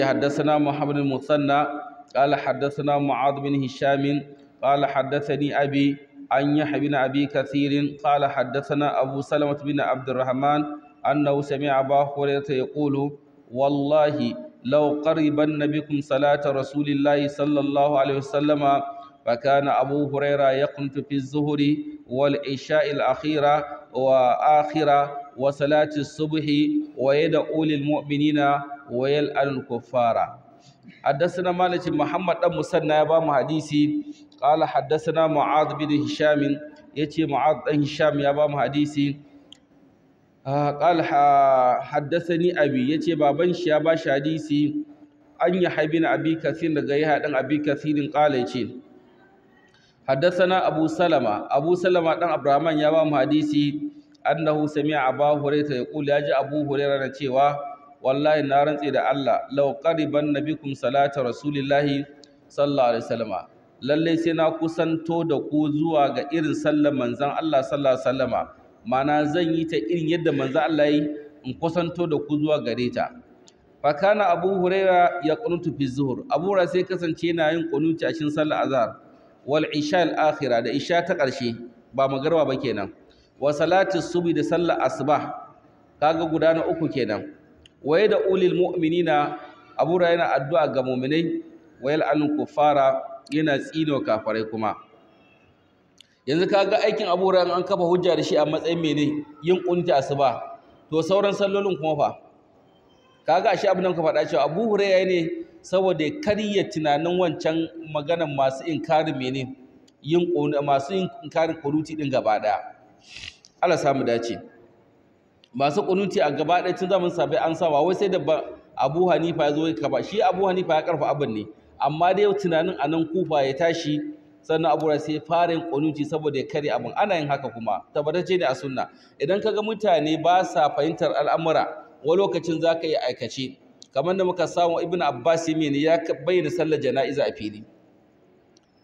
haddasa na محمد المثنى قال حدثنا معاذ بن هشام قال حدثني أبي عن يحيى بن أبي كثير قال حدثنا أبو سلمة بن عبد الرحمن أنه سمع أبا هريرة يقول والله لو قربن بكم صلاة رسول الله صلى الله عليه وسلم فكان أبو هريرة يقنت في الظهر والعشاء الأخيرة وآخرة وصلاة الصبح ويدعو للمؤمنين ويلأن الكفار حدثنا مالك محمد بن مسنى يا بام حديثي قال حدثنا معاذ بن هشام يتي معاذ بن هشام يا بام حديثي قال حدثني ابي يتي بابن شي يا باش حديثي ان يحيى بن أبي كثير لغيها أن أبي كثير قال يتي حدثنا ابو سلمة ابو سلمة دان ابراهيم يا بام حديثي انه سمع ابا هريره يقول يا ابو هريره نتيوه wallahi na rantse da Allah law qariban nabikum salata rasulillahi sallallahu alaihi wasallama lalle sai na kusanto da ku zuwa ga irin sallar manzon Allah sallallahu alaihi wasallama mana zan yi ta irin yadda manzon Allah yi in kusanto da ku zuwa gare ta fa kana abu huraira ya qunutu fi zuhur abu huraira sai kasance yana yin qunuti a cikin sallar azhar wal isha al akhira da isha ta karshe ba magarba ba kenan wa salati subhi da sallar asbah kaga guda na uku kenan waye da ulil mu'minina abu yana addu'a ga mu'minai wayal ku kufara yana tsino kafarai kuma yanzu kaga aikin abu an kafa hujja da shi a matsayin mene yin kunti asuba to sauran sallolin kuma fa kaga shi abin da ka faɗa cewa abu hurairah ne saboda ya karya tunanin wancan maganan masu kari mene yin masu inkarin kuruti din gaba daya Allah samu dace masu kunuti a gaba ɗaya tun zamanin sabai an sa wai sai da Abu Hanifa ya zo ya kaba shi Abu Hanifa ya karfa abin ne amma dai tunanin a nan kufa ya tashi sannan Abu sai fara yin kunuti saboda ya kare abin ana yin haka kuma tabbatacce ne a sunna idan ka ga mutane ba sa fahimtar al'amura wani lokacin za ka yi aikace kamar da muka samu ibn abbas ne ya bayyana sallar jana'iza a fili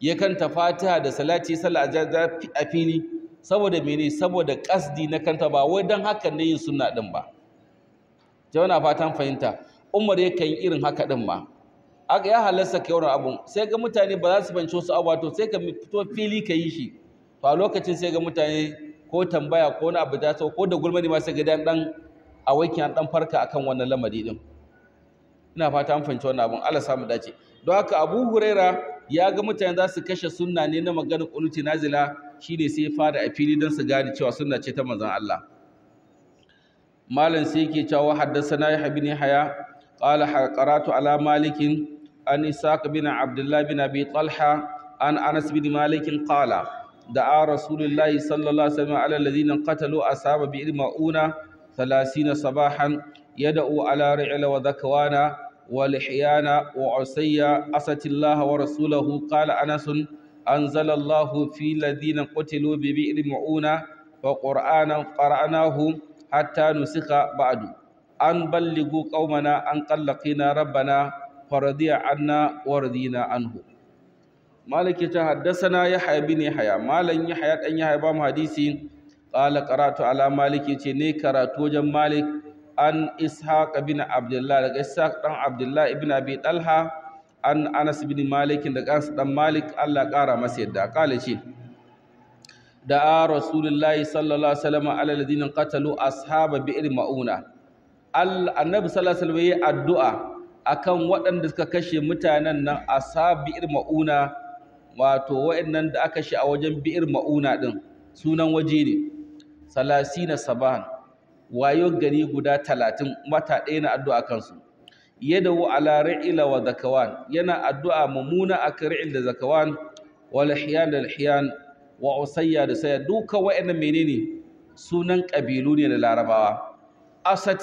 ya kanta fatiha da salati sallar a fili saboda mene saboda kasdi na kanta ba wai don haka ne yin sunna din ba jawana fatan fahimta umar yakan yi irin haka din ma aka ya halarsa kai wani abun sai ga mutane ba za su fahimci wasu abuwa to sai ka fito fili ka yi shi to a lokacin sai ga mutane ko tambaya ko wani abu da ko da gulma ma sai ga dan a waki an dan farka akan wannan lamari din ina fata an fahimci wannan abun Allah samu dace don haka Abu Huraira ya ga mutane za su kashe sunna ne na maganar kunuti nazila ne sai ya fara a fili don su gane cewa sunna ce ta manzon Allah malam sai yake cewa haddathana ya habini haya qala qaratu ala malikin an isaq bin Abdullahi bin abi talha an anas bin malikin da a rasulullahi sallallahu alaihi wasallam ala alladhina qatalu asaba bi irmauna 30 sabahan yad'u ala ra'ila wa dhakwana ولحيان وعسي أست الله ورسوله قال أنس أنزل الله في الذين قتلوا ببئر معونة وقرآنا قرأناه حتى نسخ بعد أن بلغوا قومنا أن قلقنا ربنا فرضي عنا ورضينا عنه مالك تحدثنا يحيى بن يحيى مالك يحيى أن يحيى بام حديثي قال قرأت على مالك ني قرأت وجم مالك an ishaq bin abdullah daga ishaq dan abdullah ibn abi talha an anas bin malik daga anas dan malik Allah kara masa yadda kala ce da rasulullah sallallahu alaihi wasallam ala ladina qatalu ashaba bi'r mauna al annabi sallallahu alaihi wasallam addu'a akan waɗanda suka kashe mutanen nan ashabi ir mauna wato waɗannan da aka shi a wajen bi'ir mauna din sunan waje ne salasina saban wayo gari guda talatin mata ɗaya na addu'a kansu yadawu ala ra'ila wa zakawan yana addu'a mumuna kan ra'il da zakawan wa lahiyan da lahiyan wa usayya da saya. duka wa'annan menene sunan ƙabilu ne na larabawa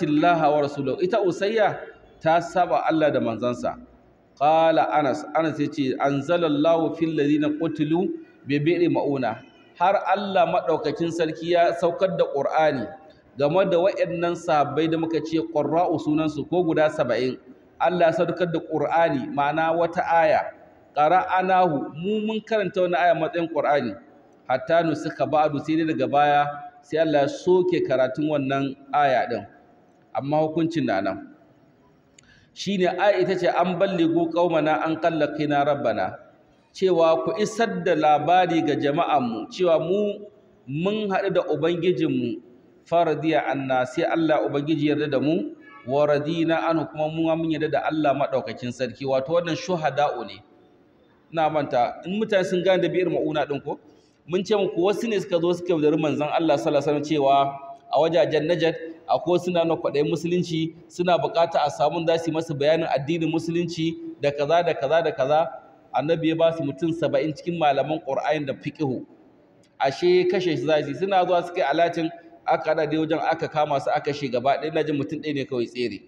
laha wa rasuluhu ita usayya ta saba Allah da manzansa Ƙala anas anas ya ce anzalallahu fil ladina kutulu bai bi'ri mauna har Allah maɗaukacin sarki ya saukar da Ƙur'ani. game da waɗannan sabai da muka ce ƙwarra'u sunansu ko guda saba'in Allah ya sadaukar da ƙur'ani ma'ana wata aya ƙara'anahu mu mun karanta wani aya matsayin ƙur'ani hatta nu suka ba'adu sai dai daga baya sai Allah ya soke karatun wannan aya ɗin amma hukuncin na nan Shi ne aya ita ce an balle balligo ƙaumana an na rabbana cewa ku isar da labari ga jama'anmu cewa mu mun haɗu da ubangijinmu faradiya anna sai Allah ubangiji yarda da mu wa radina an kuma mu amin yarda da Allah madaukakin sarki wato wannan shuhada'u ne na manta in mutane sun gane da biyar mauna din ko mun ce muku wasu ne suka zo suka yaudari manzon Allah sallallahu alaihi wasallam cewa a wajajen Najd akwai suna na kwaɗayin musulunci suna bukata a samu da su masa bayanin addinin musulunci da kaza da kaza da kaza annabi ya ba su mutum saba'in cikin malaman ƙur'ani da fiƙihu ashe kashe shi suna zuwa suka yi alatin aka hada dai wajen aka kama su aka shi gaba ɗaya na jin mutum ɗaya ne kawai tsere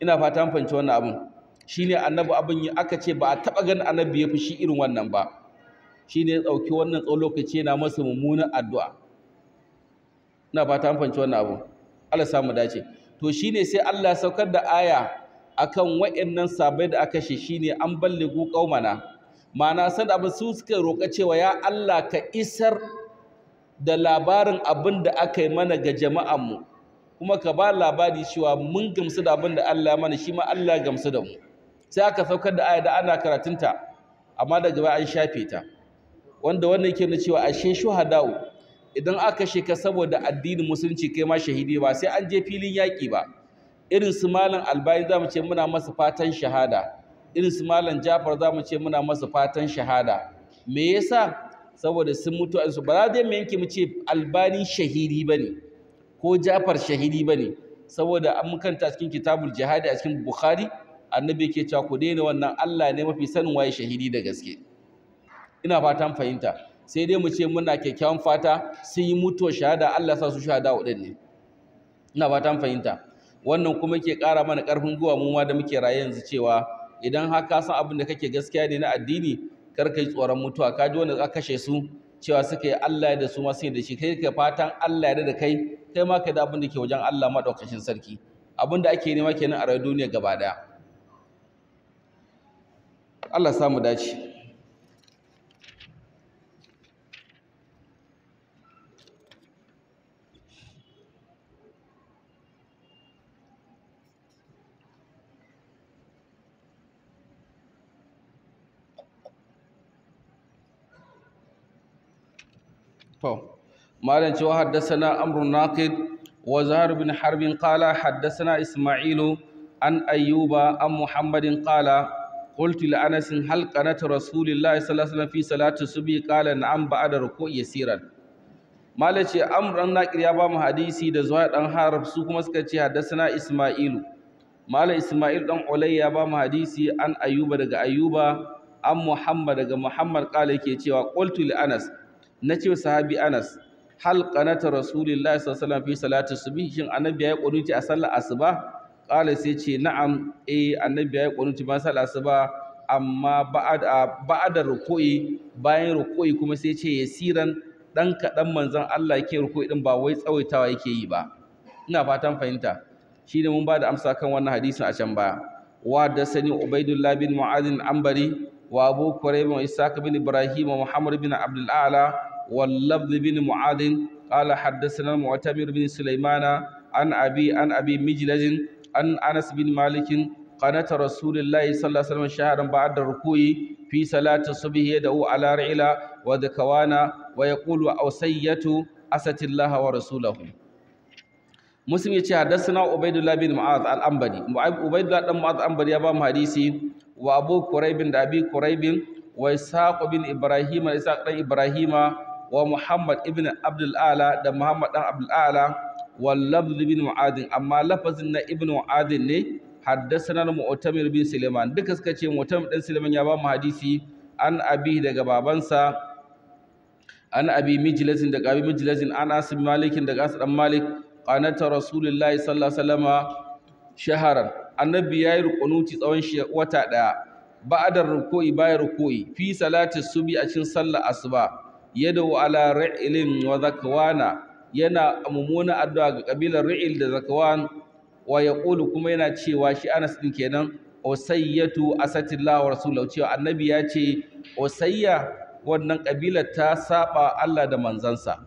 ina fata an fahimci wannan abin ne annabi abin yi aka ce ba a taɓa ganin annabi ya fi shi irin wannan ba ne ya ɗauki wannan tsawon lokaci yana masa mummunan addu'a ina fata an fahimci wannan abin Allah sa mu dace to shi ne sai Allah saukar da aya akan wa'annan sabai da aka shi shi ne an ballegu ƙaumana. ma'ana san abin su suka roƙa cewa ya Allah ka isar da labarin abin da aka yi mana ga jama'anmu kuma ka ba labari cewa mun gamsu da abin da Allah mana shi ma Allah gamsu da mu sai aka saukar da aya da ana karatunta amma daga baya an shafe ta wanda wannan yake na cewa ashe shuhada'u idan aka sheka saboda addinin musulunci kai ma shahidi ba sai an je filin yaƙi ba irin su malam albani za mu ce muna masa fatan shahada irin su malam jafar za mu ce muna masa fatan shahada me yasa saboda sun mutu a su ba za mu yanke mu ce albani shahiri ne, ko jafar shahiri ne. saboda an mukanta cikin kitabul jihadi a cikin bukhari annabi ke cewa ku daina wannan Allah ne mafi sanin waye shahidi da gaske ina fatan fahimta sai dai mu ce muna kyakkyawan fata sun yi mutuwar shahada Allah sa su shahada waɗanne ne ina fatan fahimta wannan kuma ke ƙara mana ƙarfin gwiwa mu ma da muke raye yanzu cewa idan haka san abin da kake gaskiya ne na addini kar ka yi tsoron mutuwa ka ji wanda kashe su cewa suka yi Allah da su ma yi da shi kai ka fatan Allah ya da kai kai ma ka da abin da ke wajen Allah madaukakin sarki abin da ake nema kenan a rayuwar duniya gaba daya Allah samu dace to malam cewa haddasana amrun naqid wa zahar bin harbin qala haddasana isma'ilu عن ayyuba an muhammadin qala قلت لأنس هل قنات رسول الله صلى الله عليه وسلم في صلاة الصبح قال نعم بعد ركوع يسيرا مالك أمر أن يا بام حديثي ده زهير أن حرب سوق مسكتي حدثنا إسماعيل مال إسماعيل دم علي يا بام حديثي أن أيوب دغ أيوب عن محمد دغ محمد قال يكي cewa قلت لأنس na ce sahabi anas hal qanata rasulullahi sallallahu alaihi wasallam fi salati subhi shin annabi ya kunuti a sallar asuba qala sai ce na'am eh annabi ya kunuti ba sallar asuba amma ba'ada ruku'i bayan ruku'i kuma sai ce yasiran dan kadan manzon Allah yake ruku'i din ba wai tsawaitawa yake yi ba ina fatan fahimta shine mun ba da amsa kan wannan hadisin a can baya wa da sani ubaidullah bin mu'adh ambari wa abu quraib wa ishaq bin ibrahim wa muhammad bin abdul a'la واللفظ بن معاذ قال حدثنا المعتمر بن سليمان عن أبي عن أبي مجلج عن أنس بن مالك قناة رسول الله صلى الله عليه وسلم شهرا بعد الركوع في صلاة الصبح يدعو على رعلة وذكوانا ويقول أوسية أسات الله ورسوله مسلم يتي حدثنا عبيد الله بن معاذ الأنبري عبيد الله بن معاذ الأنبري أبا حديثي وأبو كريب بن أبي كريب وإسحاق بن إبراهيم إسحاق بن إبراهيم wa Muhammad ibn Abdul Ala da Muhammad dan Abdul Ala wal lafz bin Mu'adh amma lafazin na ibn Mu'adh ne haddathana Mu'tamir bin Sulaiman duka suka ce Mu'tamir dan Sulaiman ya ba mu hadisi an abi daga babansa an abi mijlasin daga abi mijlasin an asim malikin daga asim dan malik qanata rasulullahi sallallahu alaihi wasallama shaharan annabi yayi rukunuti tsawon shi wata daya ba'adar ruku'i bayan ruku'i fi salati subi a cikin sallar asuba Yadda ala ri'lin wa zakwana yana mummuna addu'a ga kabilar ri'il da zakwan wa yaqulu kuma yana cewa shi Anas din kenan usayyatu asatillahu wa rasulahu cewa annabi ya ce usayya wannan kabilar ta saba Allah da manzansa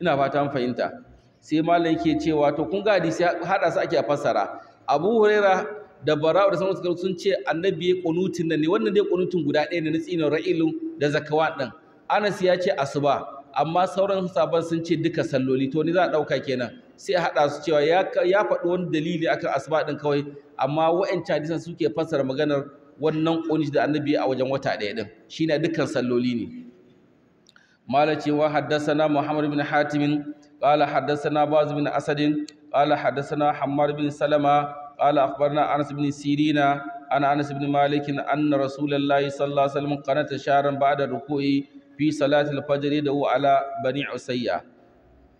ina fata fahimta sai malam yake cewa to kun ga hadisi hada su ake fassara Abu Huraira da Bara'u da sanin sun ce annabi ya kunutin nan ne wannan dai kunutun guda ɗaya ne na tsinin ra'ilun da zakawa ɗin Anas ya ce asuba amma sauran sabon sun ce duka salloli to ni za a ɗauka kenan sai hada su cewa ya faɗi wani dalili akan asuba din kawai amma wa'ancan hadisan suke fassara maganar wannan ƙunis da annabi a wajen wata ɗaya ɗin shine dukkan salloli ne mala wa haddasana muhammad bin hatimin qala haddasana baz bin asadin qala haddasana hammar bin salama qala akhbarna anas bin sirina ana anas bin malik anna rasulullahi sallallahu alaihi wasallam qanata sharan ba'da ruku'i fi salatul fajr da ala bani usayya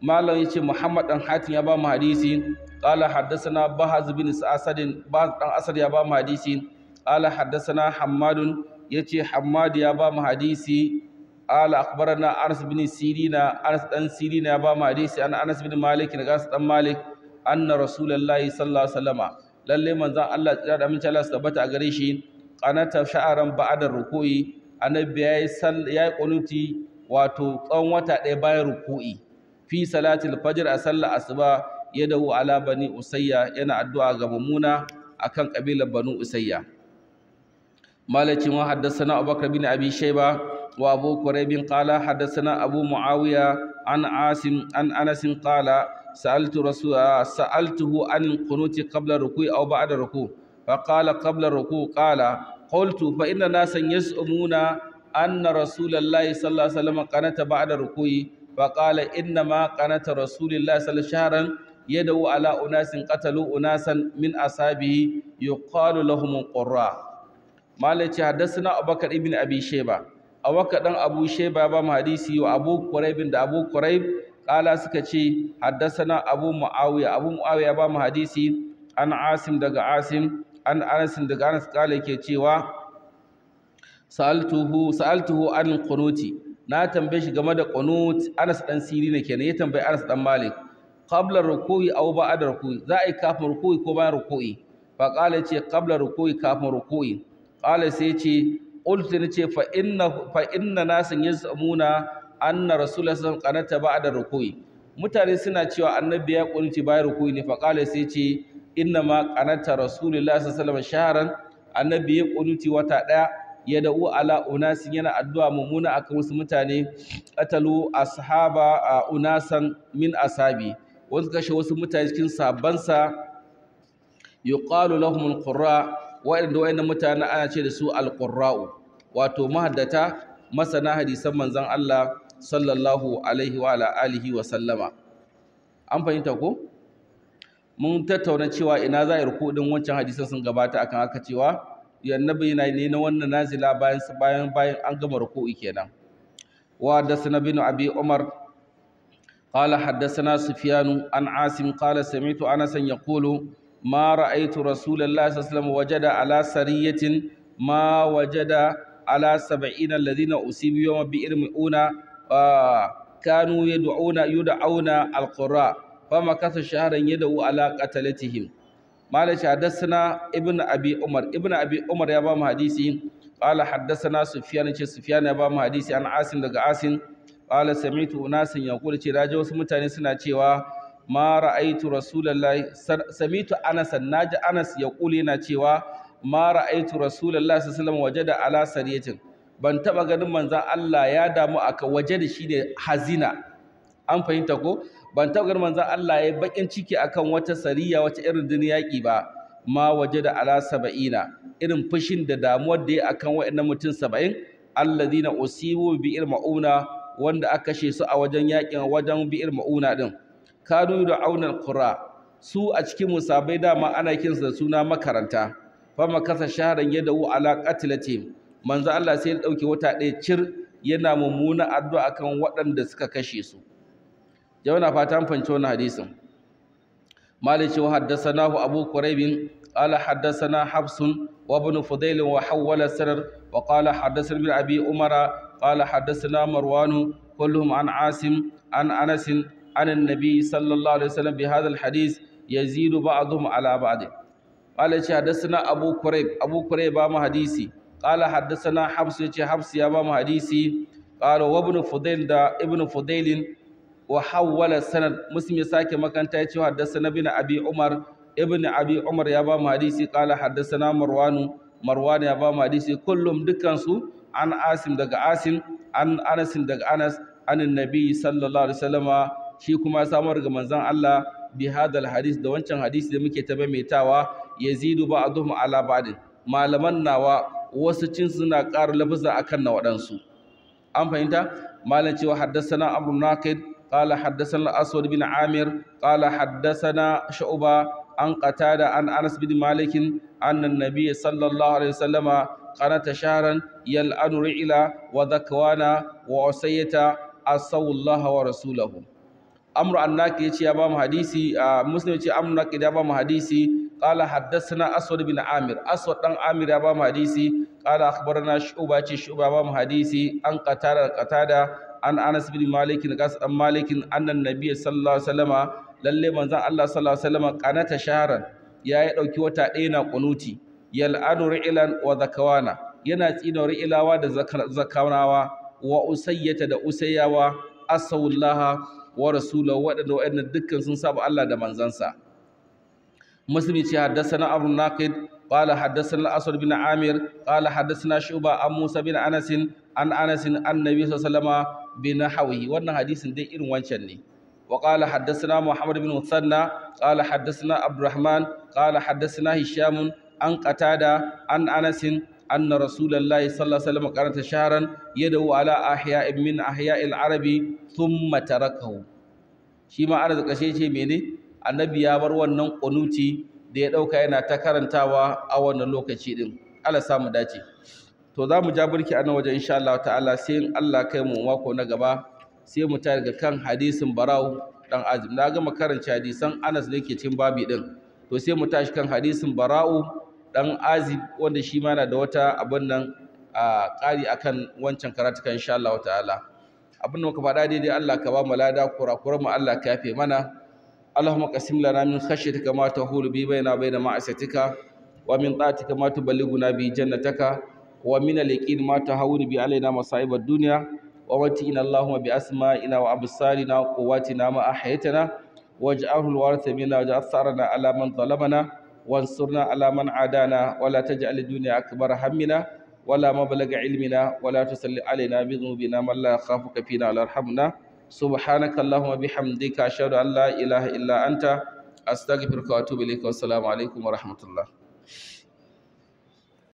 malam yace muhammad dan hatim ya ba mu hadisi qala haddathana bahaz bin asad bahaz dan asad ya ba mu hadisi qala haddathana hammadun yace hammad ya ba mu hadisi قال أخبرنا أنس بن سيرين أنس بن سيرين أبا مالك أن أنس بن مالك نقاس بن مالك أن رسول الله صلى الله عليه وسلم للي من ذا الله تعالى من تعالى سبت shi. قناة شعرا بعد الركوع annabi ya yi kunuti wato tsawon wata ɗaya bayan ruku'i fi salatil fajr a sallar asuba ya dawo ala bani usayya yana addu'a ga mummuna akan kabilar banu usayya malakin wa haddathana abubakar bin abi shayba wa abu bin qala haddathana abu muawiya an asim an anas qala sa'altu rasul sa'altuhu an qunuti qabla ruku'i aw ba'da ruku' qala qabla ruku' qala qultu fa inna nasan yas'umuna anna rasulullahi sallallahu alaihi wasallam qanata ba'da rukuyi fa qala inna ma qanata rasulullahi sallallahu shahran yad'u ala unasin qatalu unasan min asabihi yuqalu lahum qurra malaci hadathana abubakar ibn abi shayba abubakar dan abu shayba ba mu hadisi wa abu quraib da abu quraib qala suka ce hadathana abu muawiya abu muawiya ba mu hadisi an asim daga asim an Anas daga Anas kala yake cewa sa'altuhu sa'altuhu an qunuti na tambaye shi game da qunut Anas dan ne kenan ya tambaye Anas dan Malik qabla ruku'i aw ba'da ruku'i za a yi kafin ruku'i ko bayan ruku'i fa qala yace qabla ruku'i kafin ruku'i qala sai yace qultu ce, fa inna fa inna nasan yazamuna anna rasulullahi qanata ba'da ruku'i mutane suna cewa annabi ya kunci bayan ruku'i ne fa qala sai yace inna ma qanata rasulullahi sallallahu alaihi shaharan annabi ya kunuti wata daya ya da'u ala unasin yana addu'a mumuna akan wasu mutane qatalu ashaba unasan min asabi wasu kashe wasu mutane cikin sabansa yuqalu lahum alqurra Waɗanda wa'annan mutane ana ce da su alqurra'u wato mahaddata masana hadisan manzon Allah sallallahu alaihi wa ala alihi wa sallama an fahimta ko mun tattauna cewa ina za a yi din wancan hadisan sun gabata akan haka cewa annabi ne na wannan nazila bayan bayan bayan an gama ruku'i kenan wa dasna bin abi umar قال حدثنا سفيان عن عاصم قال سمعت انس يقول ما رايت رسول الله صلى الله عليه وسلم وجد على سريه ما وجد على سبعين الذين اصيبوا يوم بئر مؤونه كانوا يدعون يدعون القراء فمكث شهرا يدعو على قتلتهم مالك حدثنا ابن ابي عمر ابن ابي عمر يا بام حديثي قال حدثنا سفيان ce سفيان ya ba mu hadisi an asin daga asin qala sami'tu ya yaqulu ce raje wasu mutane suna cewa ma ra'aitu rasulullahi sami'tu anas naji anas yaqulu na cewa ma ra'aitu rasulallah sallallahu alaihi waje da ala sariyatin ban taba ganin manzon Allah ya damu aka waje da shi ne hazina an fahimta ko ban taɓa ganin manzon Allah ya bakin ciki akan wata sariya wata irin yaƙi ba ma waje da ala saba'ina irin fushin da damuwar da ya akan waɗannan mutum saba'in alladina usibu bi ma'una wanda aka kashe su a wajen yaƙin wajen bi'ir ma'una din kanu da aunar qura su a cikin musabai dama ana kin da suna makaranta Famakasa kasa shaharan yadda wu ala qatlati manzo Allah sai ya dauke wata ɗaya cir yana mummuna addu'a akan waɗanda suka kashe su jauna fatan fanci wannan hadisin malik wa haddathanahu abu quraib haddasa na habsun wa ibn fudail wa hawala sarar wa qala haddathana bi abi umara haddasa na Marwanu, kullum an asim an anas an annabi sallallahu alaihi wasallam bi hadha alhadith yazidu ba'dhum ala ba'd qala haddasa haddathana abu quraib abu quraib ba mu hadisi haddasa na habs ce habs ya ba mu hadisi kala wa ibn fudail da ibn fudailin wa hawwala sanad muslim ya sake makanta ya ce wa na bin abi umar ibn abi umar ya ba mu hadisi qala haddathana marwan marwan ya ba mu hadisi kullum dukkan an asim daga asim an Anasin daga anas anin nabi sallallahu alaihi wasallama shi kuma samar ga manzan Allah bi hadal hadis da wancan hadisi da muke ya ta maimaitawa yazidu ba'dhum ala ba'd malaman nawa wasu cin suna ƙara lafaza akan na waɗansu an fahimta malam cewa haddasa na abu kai. قال حدثنا الأسود بن عامر قال حدثنا شعبة عن قتادة عن أنس بن مالك أن النبي صلى الله عليه وسلم قنت شهرا يلأن رعلا وذكوانا وعسية أصو الله ورسوله أمر أنك يتي أبام حديثي مسلم يتي أمر أنك يتي أبام حديثي قال حدثنا أسود بن عامر أسود بن عامر أبام حديثي قال أخبرنا شعبة شعبة أبام حديثي عن قتادة قتادة an anas bin malik da gas dan malik annan nabiy sallallahu alaihi wasallama lalle manzon Allah sallallahu alaihi wasallama qanata shaharan yayi dauki wata ɗaya na kunuti yal'anu ri'lan wa zakawana yana tsina ri'lawa da zakawanawa wa usayyata da usayyawa asawullaha wa rasulahu waɗanda waɗannan dukkan sun saba Allah da manzansa مسلم ce أبو الناقد قال حدثنا الأسود بن عامر قال حدثنا شعبة عن موسى بن أنس عن أنس عن النبي صلى الله عليه وسلم بنحوه وانا حديث دي إرن وانشني وقال حدثنا محمد بن مثنى قال حدثنا عبد الرحمن قال حدثنا هشام عن قتادة عن أنس أن رسول الله صلى الله عليه وسلم قرأت شهرا يدعو على أحياء من أحياء العرب ثم تركه شيما أنا ذكرت شيء مني annabi ya bar wannan kunuti da ya dauka yana ta karantawa a wannan lokaci din Allah samu dace to za mu ja burki a nan wajen insha Allah ta'ala sai in Allah kai mu mako na gaba sai mu tare ga kan hadisin barau dan azim na gama karanta hadisan Anas ne ke cikin babi din to sai mu tashi kan hadisin barau dan azib wanda shi ma yana da wata abin nan a ƙari akan wancan karatuka insha Allah ta'ala abin da muka faɗa daidai Allah ka ba mu lada kurakuran mu Allah ka yafe mana اللهم قسم لنا من خشيتك ما تحول به بيننا وبين معصيتك ومن طاعتك ما تبلغنا به جنتك ومن اليقين ما تهون به علينا مصائب الدنيا ومتئنا اللهم بأسمائنا وأبصارنا وقواتنا ما أحيتنا واجعله الوارث منا واجعل ثارنا على من ظلمنا وانصرنا على من عادانا ولا تجعل الدنيا أكبر همنا ولا مبلغ علمنا ولا تسل علينا بذنوبنا من لا يخافك فينا ولا يرحمنا سبحانك اللهم بحمدك أشهد أن لا إله إلا أنت أستغفرك وأتوب إليك والسلام عليكم ورحمة الله